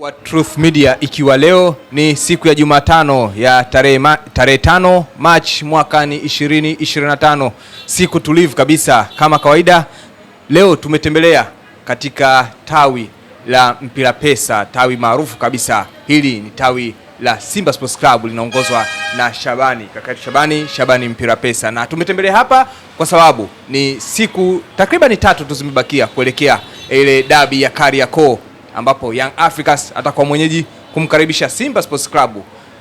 wa Truth Media ikiwa leo ni siku ya Jumatano ya tarehe ma, tarehe tano March mwaka ni 2025, siku tulivu kabisa. Kama kawaida, leo tumetembelea katika tawi la Mpira Pesa, tawi maarufu kabisa. Hili ni tawi la Simba Sports Club linaongozwa na Shabani, kaka Shabani, Shabani Mpira Pesa, na tumetembelea hapa kwa sababu ni siku takriban tatu tu zimebakia kuelekea ile dabi ya Kariakoo ambapo Young Africans atakuwa mwenyeji kumkaribisha Simba Sports Club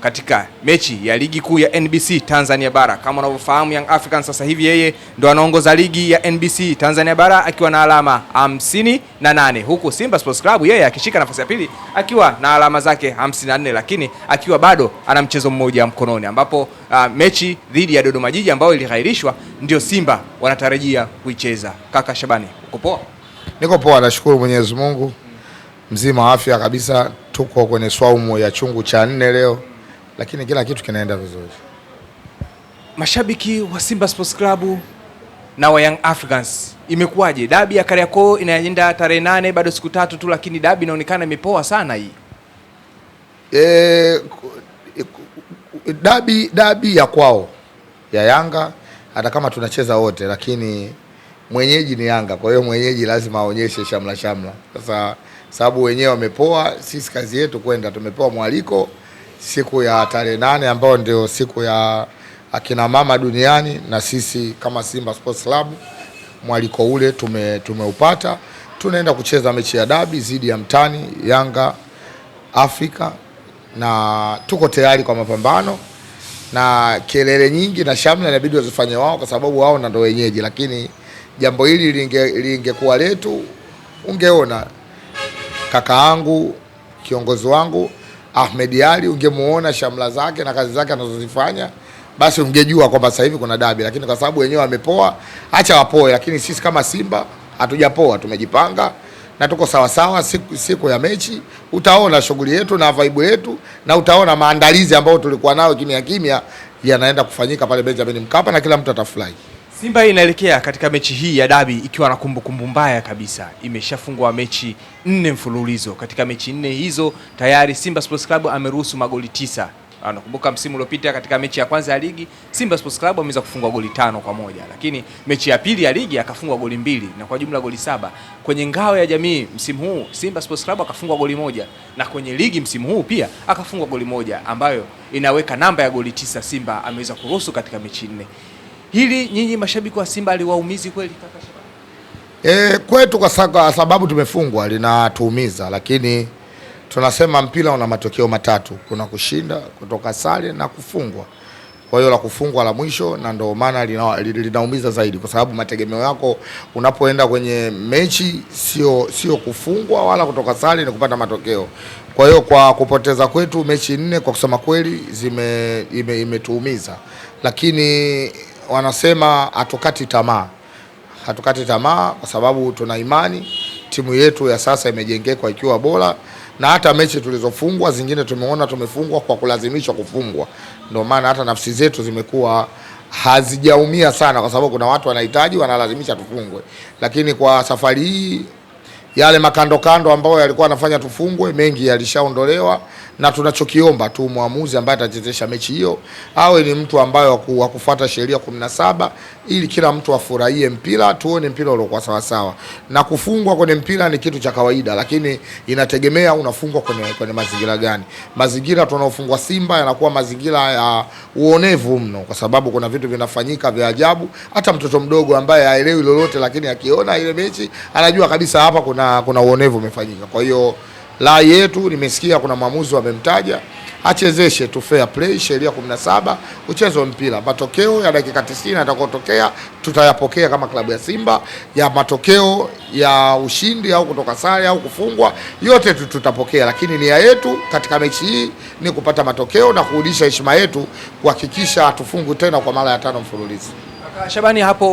katika mechi ya ligi kuu ya NBC Tanzania Bara. Kama unavyofahamu, Young Africans sasa hivi yeye ndo anaongoza ligi ya NBC Tanzania Bara akiwa na alama 58 na nane huku Simba Sports Club yeye akishika nafasi ya pili akiwa na alama zake 54 na lakini akiwa bado ana mchezo mmoja mkononi, ambapo uh, mechi dhidi ya Dodoma Jiji ambayo ilighairishwa ndio Simba wanatarajia kuicheza. Kaka Shabani, uko poa? Niko poa, nashukuru Mwenyezi Mungu mzima wa afya kabisa. Tuko kwenye swaumu ya chungu cha nne leo, lakini kila kitu kinaenda vizuri. Mashabiki wa Simba Sports Club na wa Young Africans, imekuwaje? Dabi ya Kariakoo inaenda tarehe nane, bado siku tatu tu, lakini dabi inaonekana imepoa sana hii. E, dabi dabi ya kwao ya Yanga, hata kama tunacheza wote lakini mwenyeji ni Yanga, kwa hiyo mwenyeji lazima aonyeshe shamla shamla. Sasa sababu wenyewe wamepoa, sisi kazi yetu kwenda, tumepewa mwaliko siku ya tarehe nane ambayo ndio siku ya akina mama duniani, na sisi kama Simba Sports Club mwaliko ule tume, tumeupata. Tunaenda kucheza mechi ya dabi dhidi ya mtani Yanga Afrika, na tuko tayari kwa mapambano na kelele nyingi na shamla inabidi wazifanye wao, kwa sababu wao ndio wenyeji, lakini jambo hili lingekuwa linge letu, ungeona kakaangu kiongozi wangu Ahmed Ali, ungemuona shamla zake na kazi zake anazozifanya, basi ungejua kwamba sasa hivi kuna dabi. Lakini kwa sababu wenyewe wamepoa, acha wapoe, lakini sisi kama Simba hatujapoa, tumejipanga na tuko sawasawa. Siku, siku ya mechi utaona shughuli yetu na vaibu yetu, na utaona maandalizi ambayo tulikuwa nayo kimya kimya yanaenda kufanyika pale Benjamin Mkapa na kila mtu atafurahi. Simba inaelekea katika mechi hii ya dabi ikiwa na kumbukumbu mbaya kabisa. Imeshafungwa mechi nne mfululizo. Katika mechi nne hizo tayari Simba Sports Club ameruhusu magoli tisa. Anakumbuka msimu uliopita katika mechi ya kwanza ya ligi Simba Sports Club ameweza kufungwa goli tano kwa moja, lakini mechi ya pili ya ligi akafungwa goli mbili na kwa jumla goli saba. Kwenye ngao ya jamii msimu huu Simba Sports Club akafungwa goli moja na kwenye ligi msimu huu pia akafungwa goli moja ambayo inaweka namba ya goli tisa Simba ameweza kuruhusu katika mechi nne hili nyinyi mashabiki wa Simba aliwaumizi kweli kaka Shabani? E, eh, kwetu kwa sababu tumefungwa linatuumiza, lakini tunasema mpira una matokeo matatu, kuna kushinda, kutoka sare na kufungwa. Kwa hiyo la kufungwa la mwisho, na ndo maana linaumiza zaidi, kwa sababu mategemeo yako unapoenda kwenye mechi sio sio kufungwa wala kutoka sare, ni kupata matokeo. Kwa hiyo kwa kupoteza kwetu mechi nne, kwa kusema kweli, zime imetuumiza ime, lakini wanasema hatukati tamaa, hatukati tamaa kwa sababu tuna imani timu yetu ya sasa imejengekwa ikiwa bora, na hata mechi tulizofungwa zingine tumeona tumefungwa kwa kulazimishwa kufungwa. Ndio maana hata nafsi zetu zimekuwa hazijaumia sana, kwa sababu kuna watu wanahitaji wanalazimisha tufungwe, lakini kwa safari hii yale makando kando ambayo yalikuwa yanafanya tufungwe mengi yalishaondolewa, na tunachokiomba tu mwamuzi ambaye atachezesha mechi hiyo awe ni mtu ambaye wa kufuata sheria kumi na saba ili kila mtu afurahie mpira, tuone mpira uliokuwa sawasawa. Na kufungwa kwenye mpira ni kitu cha kawaida, lakini inategemea unafungwa kwenye, kwenye mazingira gani. Mazingira tunaofungwa Simba yanakuwa mazingira ya uonevu mno, kwa sababu kuna vitu vinafanyika vya ajabu. Hata mtoto mdogo ambaye haelewi lolote, lakini akiona ile mechi anajua kabisa hapa kuna, kuna uonevu umefanyika, kwa hiyo la yetu, nimesikia kuna mwamuzi wamemtaja, achezeshe tu fair play, sheria 17 uchezo wa mpira. Matokeo ya dakika 90 yatakotokea tutayapokea kama klabu ya Simba, ya matokeo ya ushindi au kutoka sare au kufungwa, yote tutapokea, lakini nia yetu katika mechi hii ni kupata matokeo na kurudisha heshima yetu, kuhakikisha hatufungwi tena kwa mara ya tano mfululizo. Shabani, hapo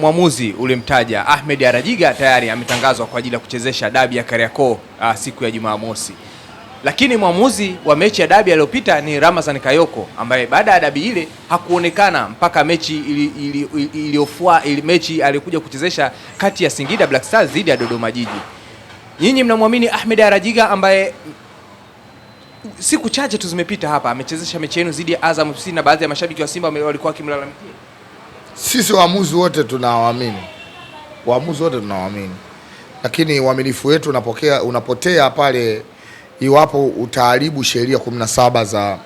mwamuzi ulimtaja Ahmed Arajiga tayari ametangazwa kwa ajili ya kuchezesha dabi ya Kariakoo ah, siku ya Jumamosi, lakini mwamuzi wa mechi ya dabi aliyopita ni Ramazan Kayoko ambaye baada ya dabi ile hakuonekana mpaka mechi iliyofua ili, ili, ili ili mechi alikuja kuchezesha kati ya Singida Black Stars dhidi ya Dodoma Jiji. Nyinyi mnamwamini Ahmed Arajiga ambaye siku chache tu zimepita hapa amechezesha mechi yenu dhidi ya Azam FC na baadhi ya mashabiki wa Simba walikuwa wakimlalamikia sisi waamuzi wote tunawaamini, waamuzi wote tunawaamini, lakini uaminifu wetu unapokea unapotea pale iwapo utaharibu sheria kumi na saba za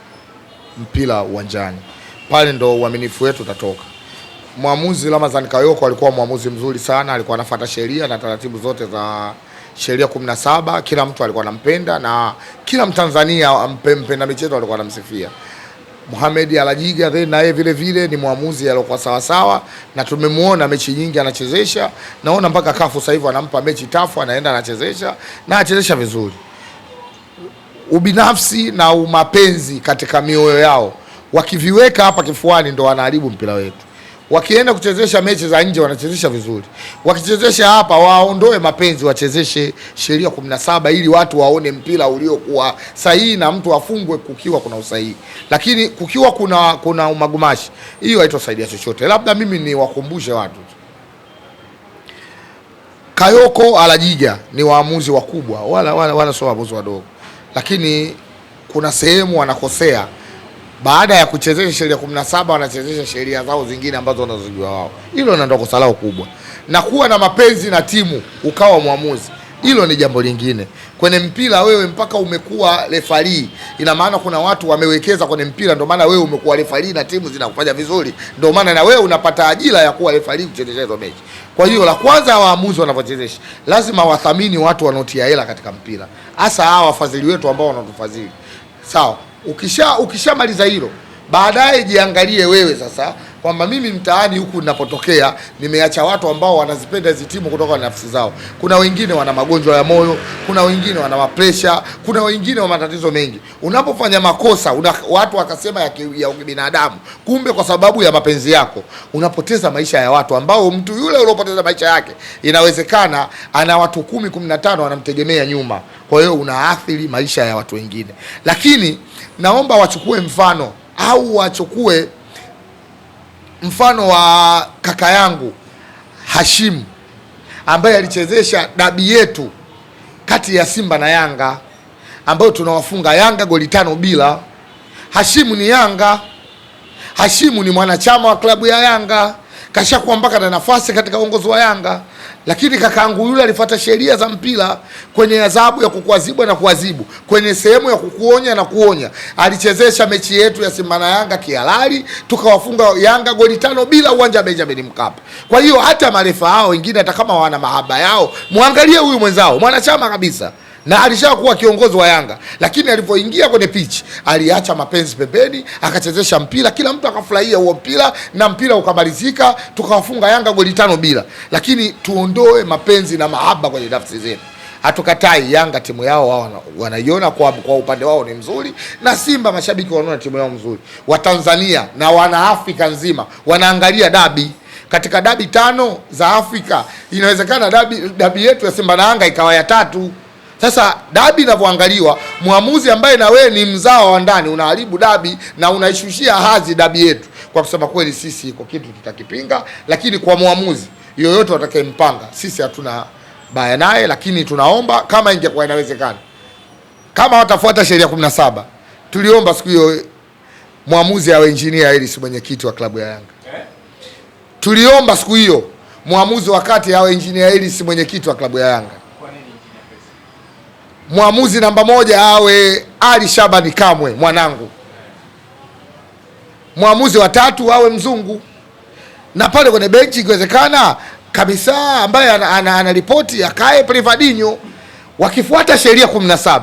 mpira uwanjani, pale ndo uaminifu wetu utatoka. Mwamuzi Ramadhani Kayoko alikuwa mwamuzi mzuri sana, alikuwa anafuata sheria na taratibu zote za sheria kumi na saba. Kila mtu alikuwa anampenda na kila Mtanzania mpenda michezo alikuwa anamsifia. Mohamed Alajiga then naye vile vile ni mwamuzi aliyokuwa sawa sawa, na tumemwona mechi nyingi anachezesha. Naona mpaka kafu sasa hivi anampa mechi tafu, anaenda anachezesha na achezesha vizuri. Ubinafsi na umapenzi katika mioyo yao wakiviweka hapa kifuani, ndo wanaharibu mpira wetu wakienda kuchezesha mechi za nje wanachezesha vizuri, wakichezesha hapa waondoe mapenzi, wachezeshe sheria 17 ili watu waone mpira uliokuwa sahihi na mtu afungwe kukiwa kuna usahihi, lakini kukiwa kuna kuna umagumashi, hiyo haitosaidia chochote. Labda mimi niwakumbushe watu Kayoko Alajija ni waamuzi wakubwa, wala wala, wala sio waamuzi wadogo, lakini kuna sehemu wanakosea baada ya kuchezesha sheria saba wanachezesha sheria zao zingine ambazo wanazojua wao. Hilo ndio kosa lao kubwa, na kuwa na mapenzi na timu ukawa mwamuzi, hilo ni jambo lingine. Kwenye mpira wewe mpaka umekuwa refari, ina maana kuna watu wamewekeza kwenye mpira, ndio maana wewe umekuwa refari na timu zinakufanya vizuri, ndio maana na wewe unapata ajira ya kuwa refari kuchezesha hizo mechi. Kwa hiyo la kwanza, waamuzi wanavyochezesha lazima wathamini watu wanaotia hela katika mpira, hasa hawa wafadhili wetu ambao wanatufadhili, sawa Ukisha ukishamaliza hilo, baadaye jiangalie wewe sasa kwamba mimi mtaani huku ninapotokea nimeacha watu ambao wanazipenda hizi timu kutoka nafsi zao. Kuna wengine wana magonjwa ya moyo, kuna wengine wana mapresha, kuna wengine wana matatizo mengi. Unapofanya makosa una, watu wakasema ya, ya binadamu, kumbe kwa sababu ya mapenzi yako unapoteza maisha ya watu ambao mtu yule uliopoteza maisha yake inawezekana ana watu kumi, kumi na tano wanamtegemea nyuma, kwa hiyo unaathiri maisha ya watu wengine, lakini naomba wachukue mfano au wachukue mfano wa kaka yangu Hashimu ambaye alichezesha dabi yetu kati ya Simba na Yanga ambayo tunawafunga Yanga goli tano bila. Hashimu ni Yanga, Hashimu ni mwanachama wa klabu ya Yanga kashakuwa mpaka na nafasi katika uongozi wa Yanga, lakini kakaangu yule alifuata sheria za mpira kwenye adhabu ya kukuadhibu na kuadhibu, kwenye sehemu ya kukuonya na kuonya. Alichezesha mechi yetu ya Simba na Yanga kihalali, tukawafunga Yanga goli tano bila uwanja wa Benjamin Mkapa. Kwa hiyo hata marefa hao wengine, hata kama wana mahaba yao, mwangalie huyu mwenzao, mwanachama kabisa na alishakuwa kiongozi wa Yanga, lakini alivyoingia kwenye pitch aliacha mapenzi pembeni, akachezesha mpira, kila mtu akafurahia huo mpira na mpira ukamalizika, tukawafunga Yanga goli tano bila. Lakini tuondoe mapenzi na mahaba kwenye nafsi zetu. Hatukatai Yanga timu yao wao wanaiona kwa, kwa upande wao ni mzuri, na Simba mashabiki wanaona timu yao mzuri. Watanzania na wana Afrika nzima wanaangalia dabi katika dabi tano za Afrika inawezekana dabi, dabi yetu ya Simba na Yanga ikawa ya tatu. Sasa dabi inavyoangaliwa, mwamuzi ambaye na wewe ni mzao wa ndani unaharibu dabi na unaishushia hadhi dabi yetu. Kwa kusema kweli, sisi iko kitu tutakipinga, lakini kwa mwamuzi yoyote watakayempanga, sisi hatuna baya naye, lakini tunaomba kama ingekuwa inawezekana, kama watafuata sheria saba, tuliomba siku hiyo mwamuzi awe injinia ili si mwenyekiti wa klabu ya Yanga. Eh? Tuliomba siku hiyo mwamuzi wakati awe injinia ili si mwenyekiti wa klabu ya Yanga mwamuzi namba moja awe Ali Shabani Kamwe mwanangu, mwamuzi wa tatu awe mzungu, na pale kwenye benchi ikiwezekana kabisa ambaye anaripoti akae Privadinho Wakifuata sheria 17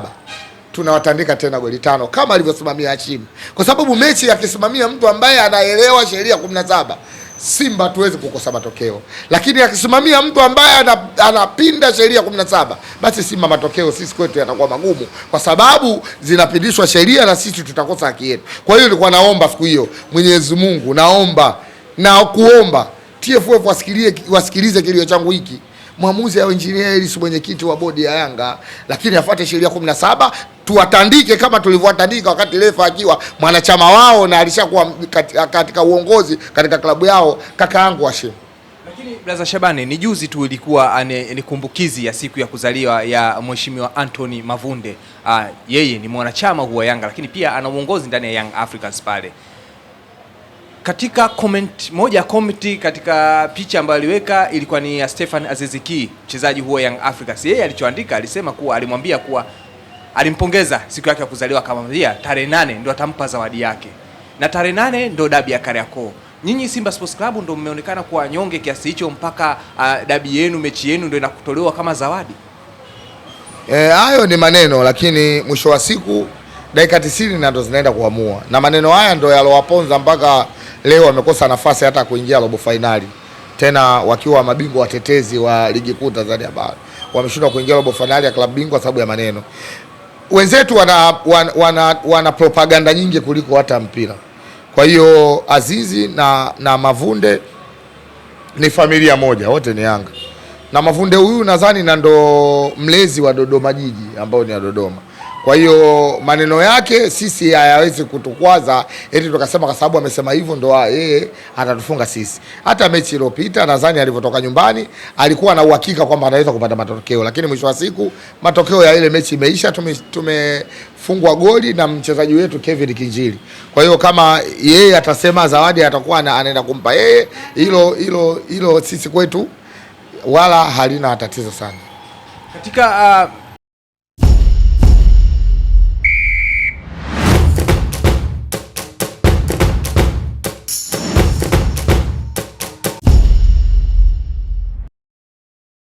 tunawatandika tena goli tano kama alivyosimamia Hashim, kwa sababu mechi akisimamia mtu ambaye anaelewa sheria 17 Simba tuweze kukosa matokeo, lakini akisimamia mtu ambaye anapinda sheria saba, basi Simba matokeo sisi kwetu yatakuwa magumu, kwa sababu zinapindishwa sheria na sisi tutakosa haki yetu. Kwa hiyo nilikuwa naomba siku hiyo, Mwenyezi Mungu, naomba na kuomba TFF wasikilize, wasikilize kilio changu hiki mwamuzi awe injinia si mwenyekiti wa bodi ya Yanga, lakini afuate sheria 17 tuwatandike kama tulivyowatandika wakati refa akiwa mwanachama wao na alishakuwa katika, katika uongozi katika klabu yao kaka yangu Hashim. Lakini Blaza Shabani, ni juzi tu ilikuwa ni kumbukizi ya siku ya kuzaliwa ya mheshimiwa Anthony Mavunde. Aa, ah, yeye ni mwanachama huwa Yanga, lakini pia ana uongozi ndani ya Young Africans pale katika comment moja ya comment katika picha ambayo aliweka ilikuwa ni ya Stefan Aziziki, mchezaji huo Young Africans. Yeye alichoandika alisema kuwa alimwambia kuwa alimpongeza siku yake ya kuzaliwa, akamwambia tarehe nane ndo atampa zawadi yake, na tarehe nane ndo dabi ya Kariakoo. Nyinyi Simba Sports Club ndo mmeonekana kuwa nyonge kiasi hicho mpaka uh, dabi yenu mechi yenu ndo inakutolewa kama zawadi. Eh, hayo e, ni maneno, lakini mwisho wa siku dakika 90 ndo zinaenda kuamua, na maneno haya ndo yalowaponza mpaka leo wamekosa nafasi hata kuingia robo fainali, tena wakiwa mabingwa watetezi wa ligi kuu Tanzania Bara, wameshindwa kuingia robo fainali ya klabu bingwa sababu ya maneno. Wenzetu wana, wana, wana, wana propaganda nyingi kuliko hata mpira. Kwa hiyo Azizi na, na Mavunde ni familia moja, wote ni Yanga na Mavunde huyu nadhani na ndo mlezi wa Dodoma Jiji ambao ni wa Dodoma. Kwa hiyo maneno yake sisi hayawezi kutukwaza eti tukasema kwa sababu amesema hivyo ndo yeye atatufunga sisi. Hata mechi iliyopita nadhani alivyotoka nyumbani alikuwa na uhakika kwamba anaweza kupata matokeo, lakini mwisho wa siku matokeo ya ile mechi imeisha, tumefungwa tume goli na mchezaji wetu Kevin Kinjili. Kwa hiyo kama yeye atasema zawadi atakuwa anaenda kumpa yeye, hilo hilo hilo sisi kwetu wala halina tatizo sana katika uh